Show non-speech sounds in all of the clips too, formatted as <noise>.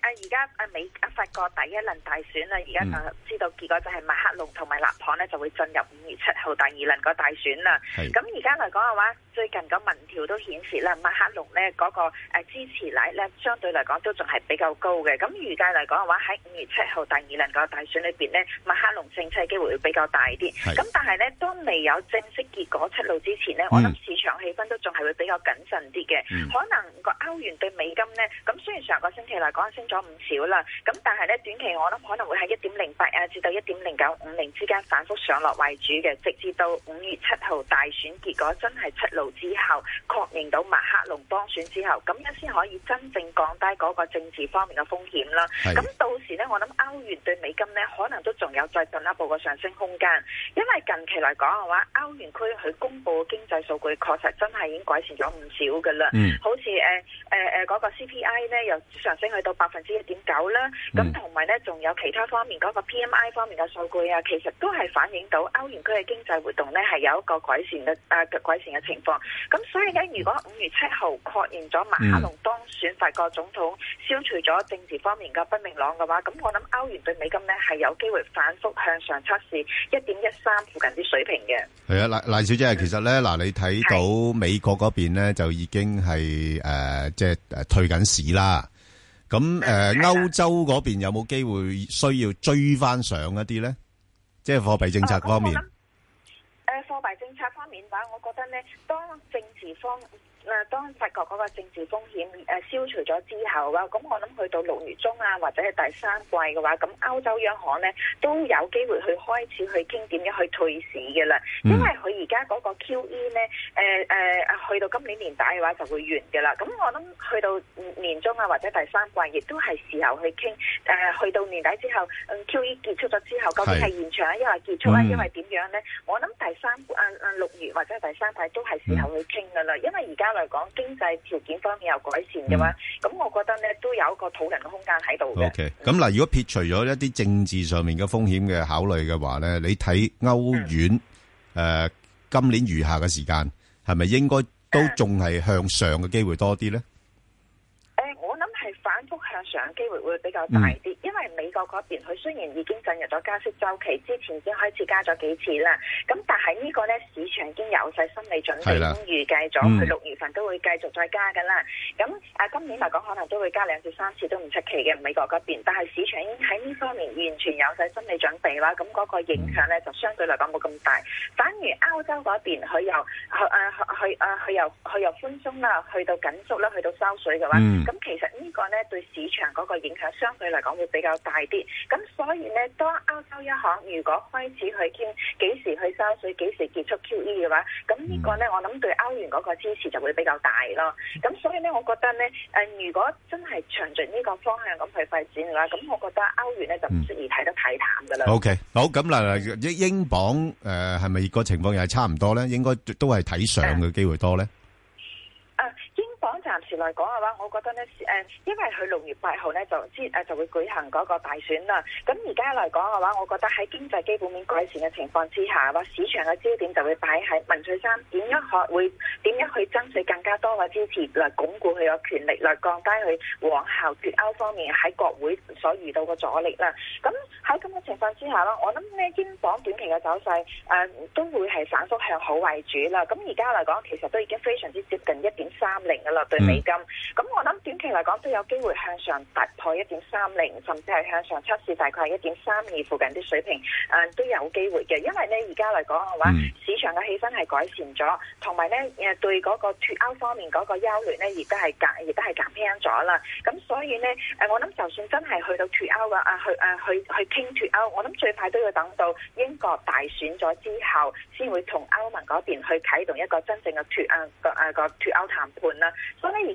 啊！而家啊，美啊法國第一輪大選啊，而家就知道結果就係馬克龍同埋勒龐咧，就會進入五月七號第二輪個大選啦。咁而家嚟講嘅話，最近個民調都顯示咧，馬克龍呢嗰個誒支持率呢，相對嚟講都仲係比較高嘅。咁預計嚟講嘅話，喺五月七號第二輪個大選裏邊呢，馬克龍勝出嘅機會會比較大啲。咁是但係呢，都未有正式結果出爐之前呢，嗯、我諗市場氣氛都仲係會比較謹慎啲嘅。嗯、可能個歐元對美金呢，咁雖然上個星期嚟講咗唔少啦，咁但係咧，短期我諗可能會喺一點零八啊至到一點零九五零之間反覆上落為主嘅，直至到五月七號大選結果真係出爐之後，確認到馬克龍當選之後，咁樣先可以真正降低嗰個政治方面嘅風險啦。咁是到時呢，我諗歐元對美金呢，可能都仲有再進一步嘅上升空間，因為近期嚟講嘅話，歐元區佢公布經濟數據確實真係已經改善咗唔少噶啦，嗯、好似誒誒誒嗰個 CPI 呢又上升去到百。百分之一點九啦，咁同埋咧，仲、嗯、有其他方面嗰、嗰個 PMI 方面嘅數據啊，其實都係反映到歐元區嘅經濟活動咧係有一個改善嘅誒改善嘅情況。咁所以咧，如果五月七號確認咗馬克龍當選法國總統，消除咗政治方面嘅不明朗嘅話，咁我諗歐元對美金呢係有機會反覆向上測試一點一三附近啲水平嘅。係啊，賴賴小姐，嗯、其實咧嗱，你睇到美國嗰邊呢，就已經係誒即係誒退緊市啦。咁誒，呃、的歐洲嗰邊有冇機會需要追翻上一啲咧？即、就、係、是、貨幣政策方面。誒、哦嗯嗯呃、貨幣政策方面嘅話，我覺得咧，當政治方面。嗱，當法國嗰個政治風險誒消除咗之後啦，咁我諗去到六月中啊，或者係第三季嘅話，咁歐洲央行咧都有機會去開始去傾點樣去退市嘅啦。因為佢而家嗰個 QE 咧，誒、呃、誒、呃，去到今年年底嘅話就會完嘅啦。咁我諗去到年中啊，或者第三季，亦都係時候去傾。誒、呃，去到年底之後，QE 結束咗之後，究竟係延長啊，因為結束啊，因為點樣咧？我諗第三啊啊六月或者第三季都係時候去傾嘅啦。因為而家。嚟講經濟條件方面有改善嘅話，咁我覺得咧都有一個討論嘅空間喺度嘅。OK，咁嗱，如果撇除咗一啲政治上面嘅風險嘅考慮嘅話咧，你睇歐元誒今年餘下嘅時間係咪應該都仲係向上嘅機會多啲咧？上機會會比較大啲，因為美國嗰邊佢雖然已經進入咗加息周期，之前已經開始加咗幾次啦。咁但係呢個呢，市場已經有晒心理準備，已經預計咗佢六月份都會繼續再加噶啦。咁、嗯、啊今年嚟講，可能都會加兩至三次都唔出奇嘅美國嗰邊。但係市場已經喺呢方面完全有晒心理準備嘅話，咁嗰個影響呢就相對嚟講冇咁大。反而歐洲嗰邊佢又佢啊佢啊佢由佢由寬鬆啦，去到緊縮啦，去到收水嘅話，咁、嗯、其實呢個呢對市市場嗰個影響相對嚟講會比較大啲，咁所以咧，當歐洲央行如果開始去傾幾時去收水、幾時結束 QE 嘅話，咁呢個咧，我諗對歐元嗰個支持就會比較大咯。咁所以咧，我覺得咧，誒，如果真係循着呢個方向咁去發展嘅話，咁我覺得歐元咧就唔適宜睇得太淡噶啦。OK，好，咁嗱嗱英英鎊誒，係咪個情況又係差唔多咧？應該都係睇上嘅機會多咧。嚟講嘅話，我覺得呢，誒，因為佢六月八號呢，就即誒就會舉行嗰個大選啦。咁而家嚟講嘅話，我覺得喺經濟基本面改善嘅情況之下，話市場嘅焦點就會擺喺文翠山點樣學會點樣去爭取更加多嘅支持，嚟鞏固佢嘅權力，嚟降低佢往後脫歐方面喺國會所遇到嘅阻力啦。咁喺咁嘅情況之下啦，我諗呢英鎊短期嘅走勢誒都會係反復向好為主啦。咁而家嚟講，其實都已經非常之接近一點三零嘅啦，對美。咁，我諗短期嚟講都有機會向上突破一點三零，甚至係向上測試大概係一點三二附近啲水平，誒、嗯、都有機會嘅。因為呢，而家嚟講嘅話，mm. 市場嘅氣氛係改善咗，同埋呢誒對嗰個脱歐方面嗰個憂慮咧，亦都係減，亦都係減輕咗啦。咁所以呢，誒，我諗就算真係去到脱歐嘅啊去啊去去傾脱歐，我諗最快都要等到英國大選咗之後，先會同歐盟嗰邊去啟動一個真正嘅脱啊個啊個脱歐談判啦。所以呢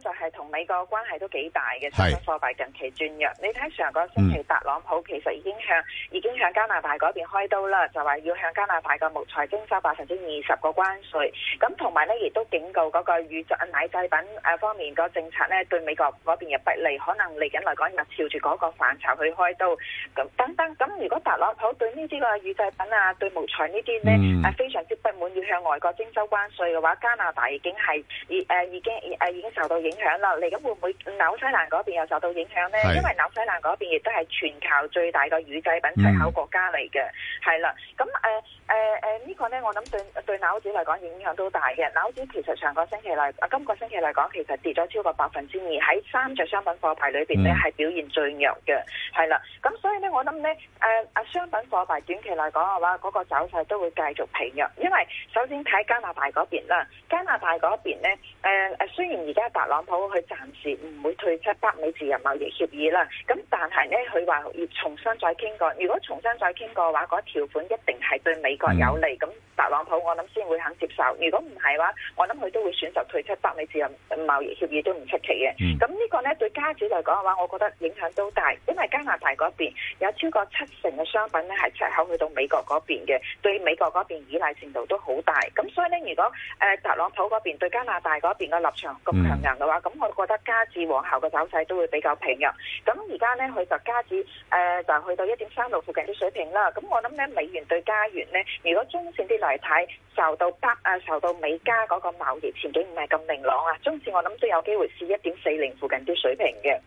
就係同美國關係都幾大嘅，所以貨幣近期轉弱。是你睇上個星期，特朗普其實已經向已經向加拿大嗰邊開刀啦，就話要向加拿大嘅木材徵收百分之二十個關稅。咁同埋呢，亦都警告嗰個乳製奶製品誒方面個政策呢，對美國嗰邊嘅不利，可能嚟緊嚟講又朝住嗰個範疇去開刀。咁等等，咁如果特朗普對呢啲個乳製品啊、對木材呢啲呢，誒、嗯、非常之不滿，要向外國徵收關稅嘅話，加拿大已經係誒已經誒已經受到。影響啦，嚟緊會唔會紐西蘭嗰邊又受到影響呢？是因為紐西蘭嗰邊亦都係全球最大個乳製品出口國家嚟嘅，係啦、嗯。咁誒誒誒呢個呢，我諗對對紐紙嚟講影響都大嘅。紐紙其實上個星期嚟、呃，今個星期嚟講其實跌咗超過百分之二，喺三隻商品貨幣裏邊呢，係、嗯、表現最弱嘅，係啦。咁所以呢，我諗呢，誒、呃、誒商品貨幣短期嚟講嘅話，嗰、那個走勢都會繼續疲弱。因為首先睇加拿大嗰邊啦，加拿大嗰邊呢誒誒，雖然而家特朗。特朗普佢暫時唔會退出北美自由貿易協議啦，咁但係呢，佢話要重新再傾過。如果重新再傾過嘅話，嗰條款一定係對美國有利，咁、嗯、特朗普我諗先會肯接受。如果唔係嘅話，我諗佢都會選擇退出北美自由貿易協議都唔出奇嘅。咁呢、嗯、個呢，對加紙嚟講嘅話，我覺得影響都大，因為加拿大嗰邊有超過七成嘅商品呢係出口去到美國嗰邊嘅，對美國嗰邊依賴程度都好大。咁所以呢，如果誒、呃、特朗普嗰邊對加拿大嗰邊嘅立場咁強硬、嗯咁，我覺得加至往後嘅走勢都會比較平嘅。咁而家呢，佢就加至，誒就去到一點三六附近啲水平啦。咁我諗呢，美元對加元呢，如果中線啲嚟睇，受到北啊受到美加嗰個貿易前景唔係咁明朗啊，中線我諗都有機會試一點四零附近啲水平嘅。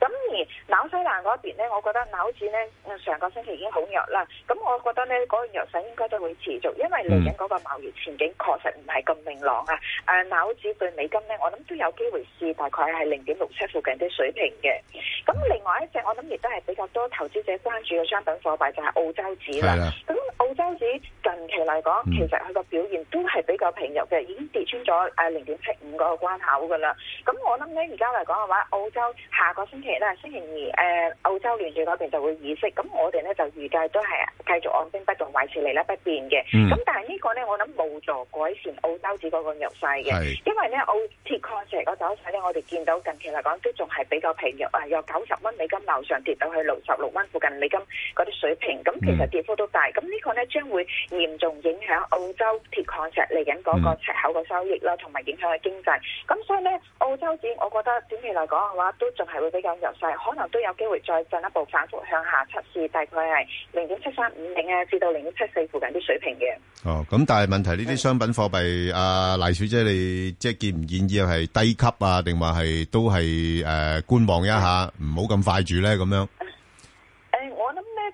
咁而紐西蘭嗰邊呢，我覺得紐指呢，上個星期已經好弱啦。咁我覺得呢，嗰個弱勢應該都會持續，因為嚟緊嗰個貿易前景確實唔係咁明朗啊。誒紐指對美金呢，我諗都有機會。大概係零點六七附近啲水平嘅。咁另外一隻我諗亦都係比較多投資者關注嘅商品貨幣就係、是、澳洲紙啦。咁的澳洲紙近期嚟講，其實佢個表現都係比較平弱嘅，已經跌穿咗誒零點七五嗰個關口噶啦。咁我諗咧而家嚟講嘅話，澳洲下個星期咧星期二誒、呃、澳洲聯儲嗰邊就會議息，咁我哋咧就預計都係繼續按兵不動，維持利率不變嘅。咁、嗯、但係呢個咧我諗無助改善澳洲紙嗰個弱勢嘅，的因為咧澳鐵礦石嗰首。我哋見到近期嚟講都仲係比較疲弱啊，由九十蚊美金樓上跌到去六十六蚊附近美金嗰啲水平，咁、嗯、其實跌幅都大。咁呢個呢將會嚴重影響澳洲鐵礦石嚟緊嗰個出口個收益啦，同埋、嗯、影響佢經濟。咁所以呢，澳洲指，我覺得短期嚟講嘅話，都仲係會比較弱勢，可能都有機會再進一步反覆向下測試，大概係零點七三五零啊，至到零點七四附近啲水平嘅。哦，咁但係問題呢啲商品貨幣，阿賴的、啊、小姐你即係建唔建議係低級？啊？定話係都係誒，觀望一下，唔好咁快住咧，咁樣。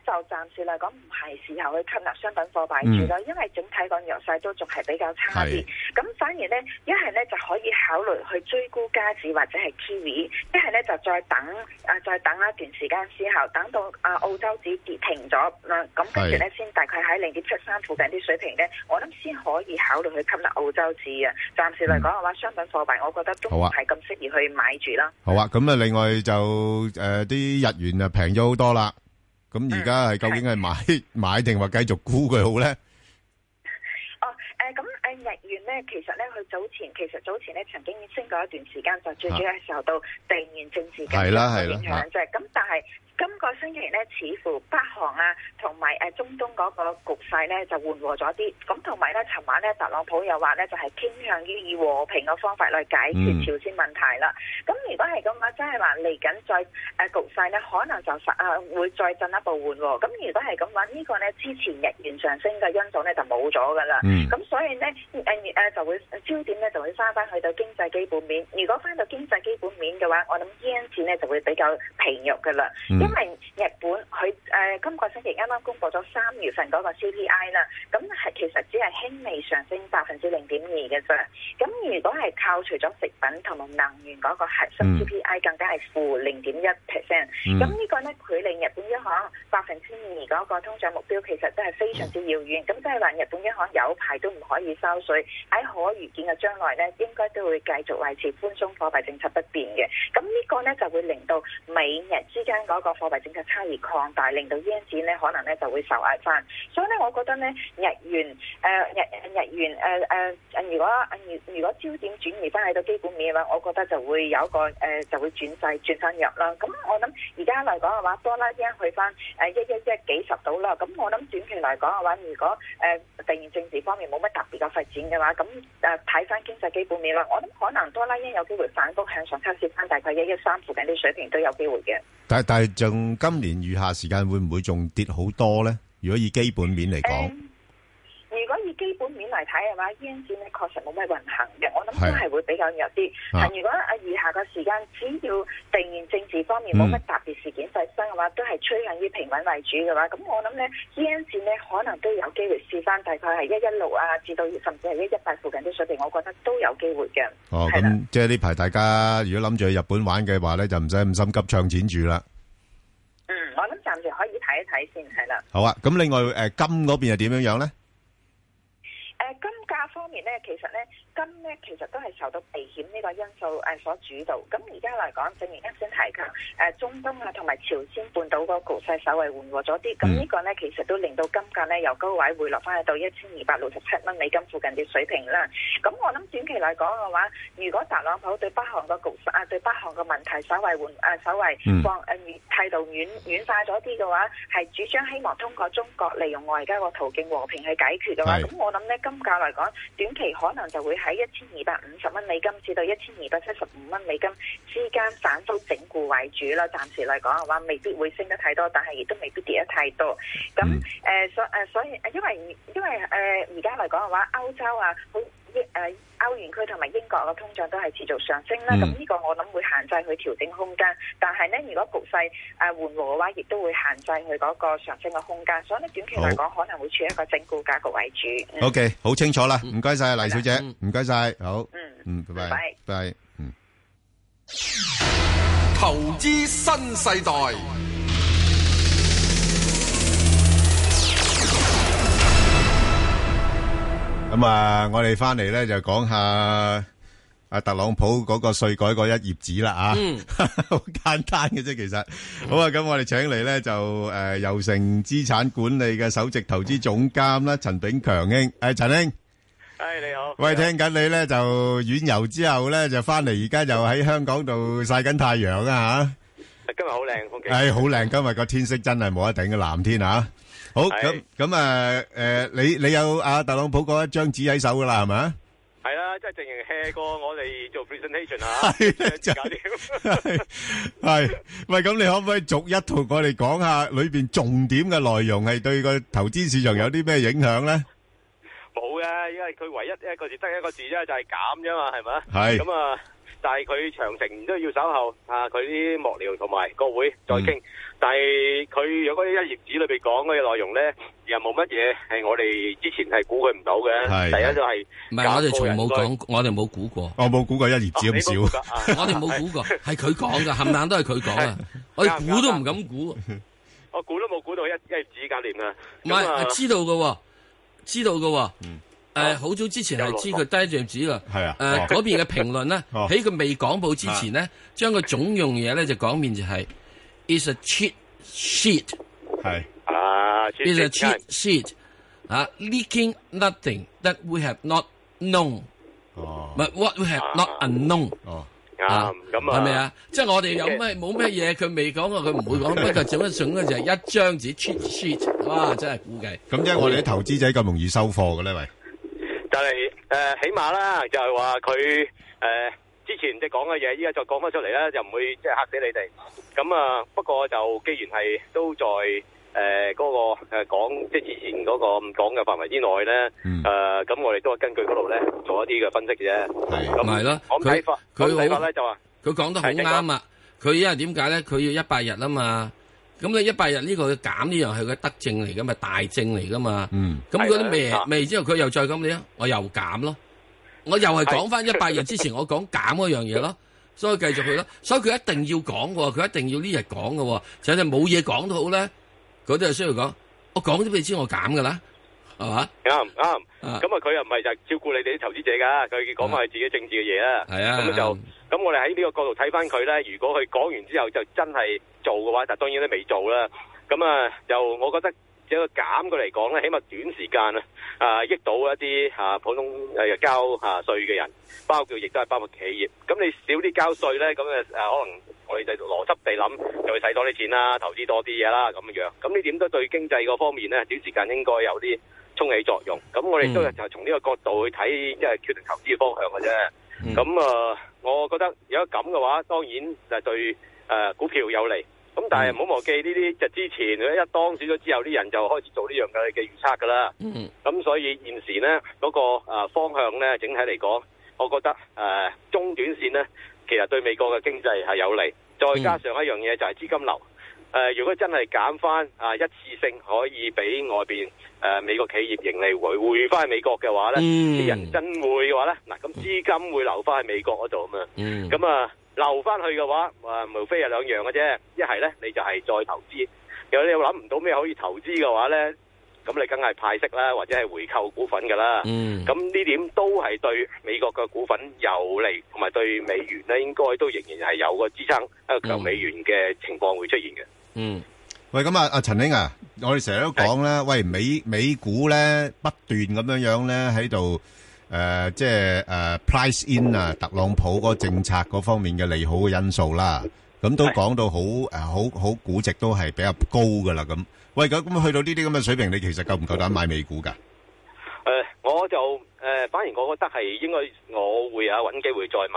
就暫時嚟講唔係時候去吸納商品貨幣住咯，嗯、因為整體個弱勢都仲係比較差啲。咁是反而咧，一係咧就可以考慮去追沽加指或者係 Kiwi，一係咧就再等啊，再等一段時間之後，等到啊澳洲指跌停咗，咁跟住咧先大概喺零點七三附近啲水平咧，我諗先可以考慮去吸納澳洲指啊。暫時嚟講嘅話，嗯、商品貨幣我覺得都唔係咁適宜去買住啦。好啊，咁啊，另外就誒啲、呃、日元啊平咗好多啦。咁而家係究竟係買是的買定話繼續沽佢好咧？哦，誒、呃，咁誒日元咧，其實咧，佢早前其實早前咧，曾經已經升過一段時間，就最主要係受到地緣政治嘅影響，咁但係。今個星期咧，似乎北韓啊，同埋中東嗰個局勢咧就緩和咗啲，咁同埋咧，尋晚咧，特朗普又話咧就係、是、傾向於以和平嘅方法去解決朝鮮問題啦。咁、嗯、如果係咁話，即係話嚟緊再、啊、局勢咧，可能就啊會再進一步緩和。咁如果係咁話，這個、呢個咧之前日元上升嘅因素咧就冇咗㗎啦。咁、嗯、所以咧、啊、就會焦點咧就會翻翻去到經濟基本面。如果翻到經濟基本面嘅話，我諗呢 N 值咧就會比較疲弱㗎啦。嗯因為日本佢誒、呃、今個星期啱啱公布咗三月份嗰個 CPI 啦，咁係其實只係輕微上升百分之零點二嘅啫。咁如果係扣除咗食品同埋能源嗰個核心 CPI，更加係負零點一 percent。咁呢、mm. 個呢，佢令日本央行百分之二嗰個通脹目標其實都係非常之遙遠。咁即係話日本央行有排都唔可以收水，喺可預見嘅將來呢，應該都會繼續維持寬鬆貨幣政策不變嘅。咁呢個呢，就會令到美日之間嗰、那個，貨幣政策差異擴大，令到呢一隻咧可能咧就會受壓翻，所以咧我覺得咧日元誒日日元誒誒如果如如果焦點轉移翻喺到基本面嘅話，我覺得就會有一個誒、呃、就會轉勢轉翻入啦。咁我諗而家嚟講嘅話，多拉 yen 去翻誒一一一幾十度啦。咁、啊、我諗短期嚟講嘅話，如果誒突然政治方面冇乜特別嘅發展嘅話，咁誒睇翻經濟基本面啦，我諗可能多拉 yen 有機會反覆向上測試翻大概一一三附近啲水平都有機會嘅。但係但係，仲今年餘下時間會唔會仲跌好多呢？如果以基本面嚟講，嚟睇嘅話，E N 線咧確實冇乜運行嘅，我諗都係會比較弱啲。但、啊、如果啊，餘下嘅時間只要地緣政治方面冇乜特別事件發生嘅話，嗯、都係趨向於平穩為主嘅話，咁我諗呢 E N 線呢，戰可能都有機會試翻，大概係一一六啊，至到甚至係一一八附近啲水平，我覺得都有機會嘅。哦，咁、啊、即係呢排大家如果諗住去日本玩嘅話呢，就唔使咁心急唱錢住啦。嗯，我諗暫時可以睇一睇先，係啦、啊。好啊，咁另外誒、呃、金嗰邊係點樣樣呢？咧，其實。金呢，其實都係受到避險呢個因素誒所主導，咁而家嚟講，正如啱先提及誒，中東啊同埋朝鮮半島個局勢稍微緩和咗啲，咁呢個呢，其實都令到金價呢由高位回落翻去到一千二百六十七蚊美金附近嘅水平啦。咁我諗短期嚟講嘅話，如果特朗普對北韓個局勢啊對北韓個問題稍微緩誒稍微放誒軟、嗯、態度軟軟化咗啲嘅話，係主張希望通過中國利用外交個途徑和平去解決嘅話，咁是我諗呢，金價嚟講短期可能就會。喺一千二百五十蚊美金至到一千二百七十五蚊美金之間，反覆整固為主啦，暫時嚟講嘅話，未必會升得太多，但係亦都未必跌得太多。咁誒，所誒、mm. 呃，所以誒、呃，因為因為誒，而家嚟講嘅話，歐洲啊，好誒。呃歐元區同埋英國嘅通脹都係持續上升啦，咁呢個我諗會限制佢調整空間，但係呢如果局勢誒緩和嘅話，亦都會限制佢嗰個上升嘅空間，所以呢短期嚟講可能會處於一個整固格局為主。OK，好清楚啦，唔該晒黎小姐，唔該晒，好，嗯，拜拜，拜，嗯，投資新世代。咁、嗯、啊，我哋翻嚟咧就講下阿、啊、特朗普嗰個稅改嗰一頁紙啦啊，嗯，好 <laughs> 簡單嘅啫，其實，嗯、好啊，咁我哋請嚟咧就誒，悠、呃、誠資產管理嘅首席投資總監啦，陳、嗯、炳強兄，誒、哎，陳兄，誒、哎，你好，喂，你好聽緊你咧就遠遊之後咧就翻嚟，而家又喺香港度曬緊太陽啊吓、啊，今日好靚，風景，係好靚，今日個天色真係冇得頂嘅藍天啊。好，咁咁啊，誒，你你有阿特朗普嗰一張紙喺手噶啦，係咪啊？係啦，即係淨係 hea 過我哋做 presentation 啊，就係，係，喂，咁你可唔可以逐一同我哋講下裏邊重點嘅內容係對個投資市場有啲咩影響咧？冇嘅，因為佢唯一一個字得一個字啫，就係減啫嘛，係咪？係。咁啊。但係佢長城都要守候，啊佢啲幕僚同埋個會再傾。但係佢如果一頁紙裏邊講嘅內容咧，又冇乜嘢係我哋之前係估佢唔到嘅。第一就係唔係我哋從冇講，我哋冇估過，我冇估過一頁紙咁少，我哋冇估過，係佢講嘅，冚棒都係佢講啊，我估都唔敢估。我估都冇估到一一頁紙咁少。唔係，知道噶，知道噶。誒，好早之前係知佢低一張紙噶，誒，嗰邊嘅評論咧，喺佢未講報之前咧，將個總用嘢咧就講面就係，it's a cheat sheet，係，it's a cheat sheet，啊，leaking nothing that we have not known，哦，係 what we have not unknown，哦，咁啊，係咪啊？即係我哋有咩冇咩嘢，佢未講過，佢唔會講，不過整一總咧就係一張紙 cheat sheet，哇，真係估計。咁即係我哋啲投資者咁容易收貨嘅呢，喂？就係誒，起碼啦，就係話佢誒之前即係講嘅嘢，依家再講翻出嚟咧，就唔會即係嚇死你哋。咁啊，不過就既然係都在誒嗰個誒講即係以前嗰個講嘅範圍之內咧，嗯誒咁我哋都係根據嗰度咧做一啲嘅分析嘅啫。係咁係咯，佢佢話咧就話佢講得好啱啊！佢因為點解咧？佢要一百日啊嘛。咁你一百日呢個減呢樣係佢德政嚟噶嘛，大政嚟噶嘛，咁嗰啲未未之後佢又再咁你啊，我又減咯，我又係講翻一百日之前我講減嗰樣嘢咯，所以繼續去咯，所以佢一定要講喎，佢一定要呢日講喎。就係你冇嘢講都好咧，嗰啲係需要講，我講咗俾你知我減噶啦。係啱啱咁啊！佢又唔係就照顧你哋啲投資者噶，佢講係自己政治嘅嘢啦。係啊、uh，咁、huh. 就咁我哋喺呢個角度睇翻佢咧。如果佢講完之後就真係做嘅話，就當然都未做啦。咁啊，就我覺得一、這個減佢嚟講咧，起碼短時間啊，啊益到一啲吓、啊、普通誒、啊、交吓稅嘅人，包括亦都係包括企業。咁你少啲交稅咧，咁誒、啊、可能我哋就邏輯地諗，就會使多啲錢啦，投資多啲嘢啦，咁樣。咁呢點都對經濟方面咧，短時間應該有啲.沖起作用，咁我哋都係就係從呢個角度去睇，即係決定投資嘅方向嘅啫。咁啊，我覺得如果咁嘅話，當然就對誒股票有利。咁但係唔好忘記呢啲，就之前一當選咗之後，啲人就開始做呢樣嘅嘅預測㗎啦。咁所以現時呢嗰個誒方向呢，整體嚟講，我覺得誒中短線呢，其實對美國嘅經濟係有利，再加上一樣嘢就係資金流。誒、呃，如果真係減翻啊，一次性可以俾外邊誒、呃、美國企業盈利回回翻去美國嘅話咧，啲、嗯、人真會嘅話咧，嗱，咁資金會留翻去美國嗰度啊嘛，咁、嗯、啊留翻去嘅話，話、啊、無非係兩樣嘅啫，一係咧你就係再投資，如果你又諗唔到咩可以投資嘅話咧？咁你梗係派息啦，或者係回購股份噶啦。咁呢點都係對美國嘅股份有利，同埋對美元咧，應該都仍然係有個支撐一個強美元嘅情況會出現嘅。嗯，喂，咁啊，阿陳兄啊，我哋成日都講咧，喂，美美股咧不斷咁樣樣咧喺度，誒，即係誒 price in 啊，特朗普嗰個政策嗰方面嘅利好嘅因素啦，咁都講到好誒，好好估值都係比較高噶啦，咁。喂，咁去到呢啲咁嘅水平，你其實夠唔夠膽買美股㗎？誒、呃，我就誒、呃，反而我覺得係應該，我會啊揾機會再買。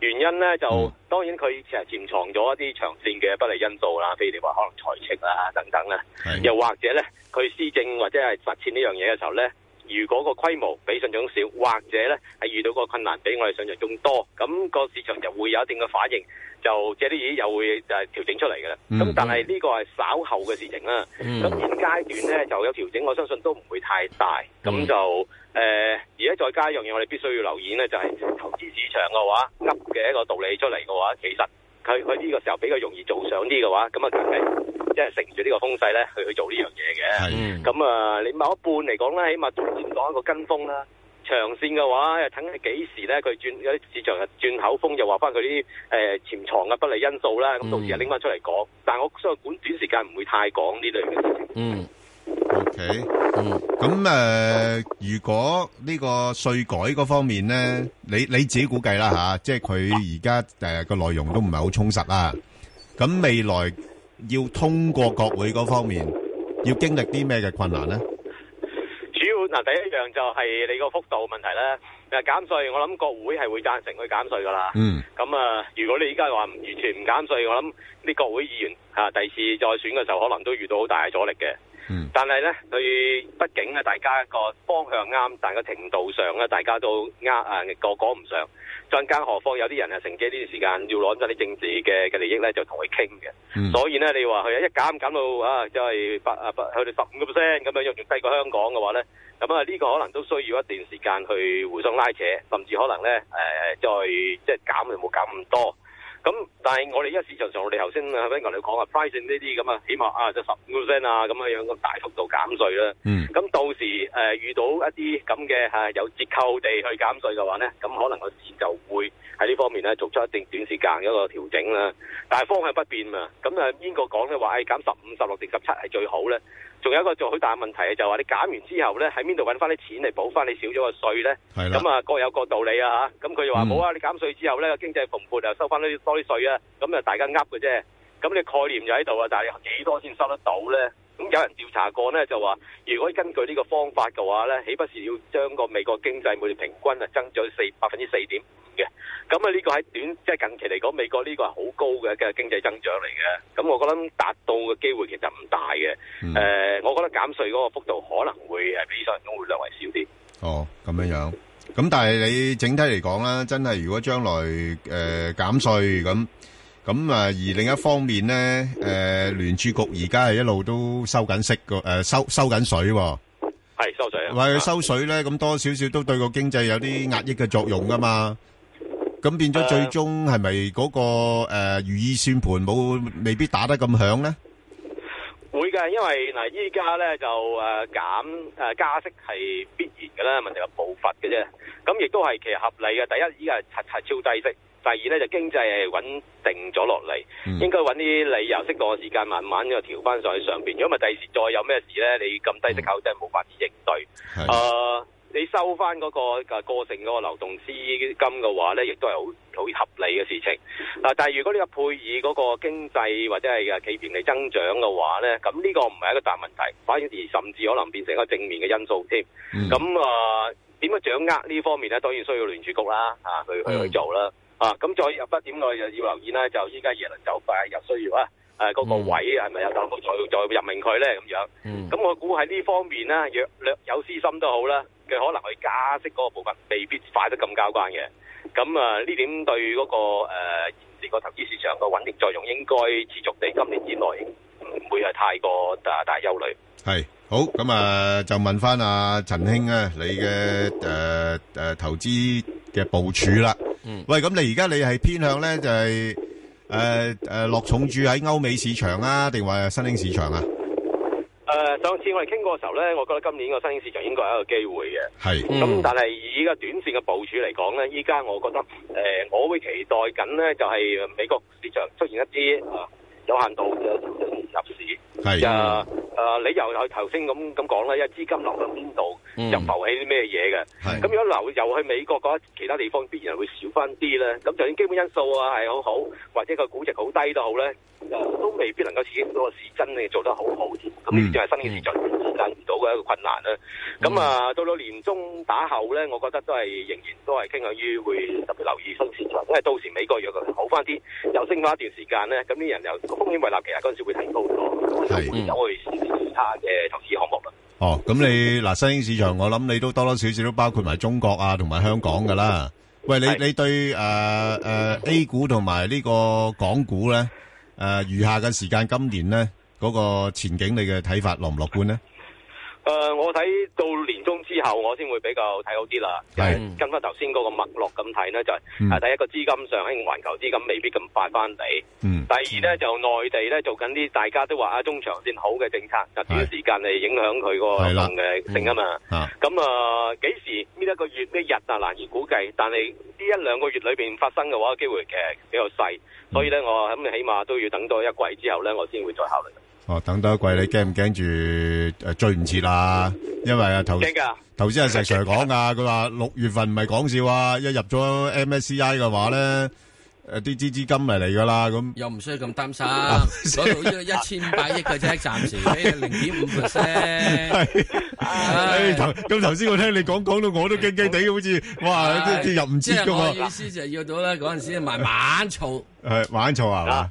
原因咧，就、嗯、當然佢其實潛藏咗一啲長線嘅不利因素啦，譬如你話可能財赤啦、啊、等等啦，是又或者咧，佢施政或者係實踐呢樣嘢嘅時候咧。如果個規模比上場少，或者咧，係遇到個困難，比我哋想像仲多，咁、那個市場就會有一定嘅反應，就這啲嘢又會就調整出嚟嘅啦。咁、嗯、但係呢個係稍後嘅事情啦。咁、嗯、現階段咧就有調整，我相信都唔會太大。咁、嗯、就誒，而、呃、家再加一樣嘢，我哋必須要留意咧，就係、是、投資市場嘅話噏嘅一個道理出嚟嘅話，其實佢佢呢個時候比較容易做上啲嘅話，咁啊佢係。即係乘住呢個風勢咧，去去做呢樣嘢嘅。咁啊，你某一半嚟講咧，起碼短線講一個跟風啦。長線嘅話，又睇下幾時咧，佢轉有啲市場係轉口風，又話翻佢啲誒潛藏嘅不利因素啦。咁到時又拎翻出嚟講。但係我相信短時間唔會太講呢類嘅事情。嗯，OK，嗯，咁誒，如果呢個稅改嗰方面咧，你你自己估計啦嚇，即係佢而家誒個內容都唔係好充實喇。咁未來。要通過國會嗰方面，要經歷啲咩嘅困難呢？主要嗱，第一樣就係你個幅度問題啦。減稅，我諗國會係會贊成去減稅噶啦。嗯。咁啊，如果你而家話完全唔減稅，我諗啲國會議員吓、啊，第二次再選嘅時候，可能都遇到好大嘅阻力嘅。嗯，但係咧，佢畢竟咧，大家個方向啱，但個程度上咧，大家都呃，啊，個講唔上，再更何況有啲人啊，乘機呢段時間要攞咗啲政治嘅嘅利益咧，就同佢傾嘅，嗯、所以咧，你話佢一減減到啊，即係八啊八佢哋十五個 percent 咁樣，又仲低過香港嘅話咧，咁啊呢個可能都需要一段時間去互相拉扯，甚至可能咧誒、呃，再即係減又冇減咁多。咁但係我哋依個市場上，我哋頭先阿 Ben 講，你講 pricing 呢啲咁啊，起碼啊就十五 percent 啊咁樣樣個大幅度減稅啦。咁、嗯、到時誒遇到一啲咁嘅有折扣地去減稅嘅話咧，咁可能個市就會喺呢方面咧做出一定短時間一個調整啦。但係方向不變嘛，咁啊英國講咧話，誒減十五、十六定十七係最好咧。仲有一個就好大問題嘅就係話你減完之後呢，喺邊度揾翻啲錢嚟補翻你少咗個稅呢？咁啊是的 各有各道理啊，咁佢又話冇啊，你減稅之後呢，經濟蓬勃又收翻多啲稅啊，咁啊大家噏嘅啫。咁你概念就喺度啊，但係幾多先收得到呢？咁有人調查過咧，就話如果根據呢個方法嘅話咧，豈不是要將個美國經濟每年平均啊增長四百分之四點五嘅？咁啊呢個喺短即係近期嚟講，美國呢個係好高嘅嘅經濟增長嚟嘅。咁我覺得達到嘅機會其實唔大嘅，嗯呃。我覺得減稅嗰個幅度可能會比想像中會略為少啲。哦，咁樣樣。咁但係你整體嚟講啦，真係如果將來、呃、減稅咁。咁啊，而另一方面咧，誒、呃、聯儲局而家係一路都收緊息個，誒收收緊水喎，係收水啊！話佢收水咧，咁多少少都對個經濟有啲壓抑嘅作用噶嘛。咁變咗最終係咪嗰個誒如意算盤冇，未必打得咁響咧？因為嗱，依家咧就誒減誒加息係必然嘅啦，問題係步伐嘅啫。咁亦都係其實合理嘅。第一，依家係擦擦超低息；第二咧就經濟係穩定咗落嚟，應該揾啲理由，適當時間慢慢又調翻上去上邊。如果唔係，第時再有咩事咧，你咁低息口真係冇法子應對。係的。呃你收翻嗰個過程，嗰個流動資金嘅話咧，亦都係好好合理嘅事情。嗱、啊，但係如果呢個配以嗰個經濟或者係嘅企業嚟增長嘅話咧，咁呢個唔係一個大問題，反而甚至可能變成一個正面嘅因素添。咁、嗯、啊，點樣掌握呢方面咧？當然需要聯儲局啦，啊、去去去做啦。的啊，咁再入筆點我又要留意啦。就依家耶倫就快又需要啊。誒，嗰個位係咪又能夠再再任命佢咧？咁樣，咁我估喺呢方面咧，若略有私心都好啦，佢可能去加息嗰個部分未必快得咁交關嘅。咁啊，呢點對嗰個誒現時投資市場個穩定作用，應該持續地今年之內唔會係太過大大憂慮。係好，咁啊，就問翻阿陳兄啊，你嘅誒誒投資嘅部署啦。嗯。喂，咁你而家你係偏向咧就係？誒誒、呃呃，落重注喺歐美市場啊，定話新興市場啊？誒、呃，上次我哋傾過嘅時候咧，我覺得今年個新興市場應該係一個機會嘅。係是。咁、嗯、但係依家短線嘅部署嚟講咧，依家我覺得誒、呃，我會期待緊咧，就係美國市場出現一啲啊，有限度嘅入市。係是。誒，你又係頭先咁咁講啦，因為資金流到邊度又浮起啲咩嘢嘅。咁是如果流又去美國嗰其他地方，必然會少翻啲呢。咁就算基本因素啊係好好，或者個估值低好低都好咧，都未必能夠刺激到個市真係做得好好添。咁呢啲就係新嘅市場時間唔到嘅一個困難啦。咁、嗯、啊，到到年中打後咧，我覺得都係仍然都係傾向於會特別留意新市場，因為到時美國若果好翻啲，又升翻一段時間咧，咁啲人又風險胃納其實嗰陣時會提高咗，咁就會有去。其他嘅投資項目啦。哦，咁你嗱，新興市場我諗你都多多少少都包括埋中國啊，同埋香港噶啦。喂，你你對誒誒 A 股同埋呢個港股咧，誒餘下嘅時間，今年咧嗰個前景你嘅睇法樂唔樂觀咧？誒、呃，我睇到年中之後，我先會比較睇好啲啦。係的跟翻頭先嗰個脈絡咁睇呢，就係、是啊嗯、第一個資金上興環球資金未必咁快翻嚟。嗯，第二呢，就內地呢，做緊啲大家都話啊中長線好嘅政策，的就短時間嚟影響佢個可能嘅性啊嘛。咁啊，幾時呢一、這個月呢、這個、日啊，難以估計。但係呢一兩個月裏邊發生嘅話，機會其實比較細。所以呢，我咁起碼都要等到一季之後呢，我先會再考慮。哦，等多一季你驚唔驚住追唔切啦？因為啊，頭頭先阿石 Sir 講噶，佢話六月份唔係講笑啊，一入咗 MSCI 嘅話咧，誒啲資資金咪嚟噶啦，咁又唔需要咁擔心，所以一千八百億嘅啫，暫時零點五 percent。咁頭先我聽你講，講到我都驚驚地，好似哇，啲入唔切㗎啊！意思就要到啦，嗰陣時慢慢做，係，慢慢做係嘛？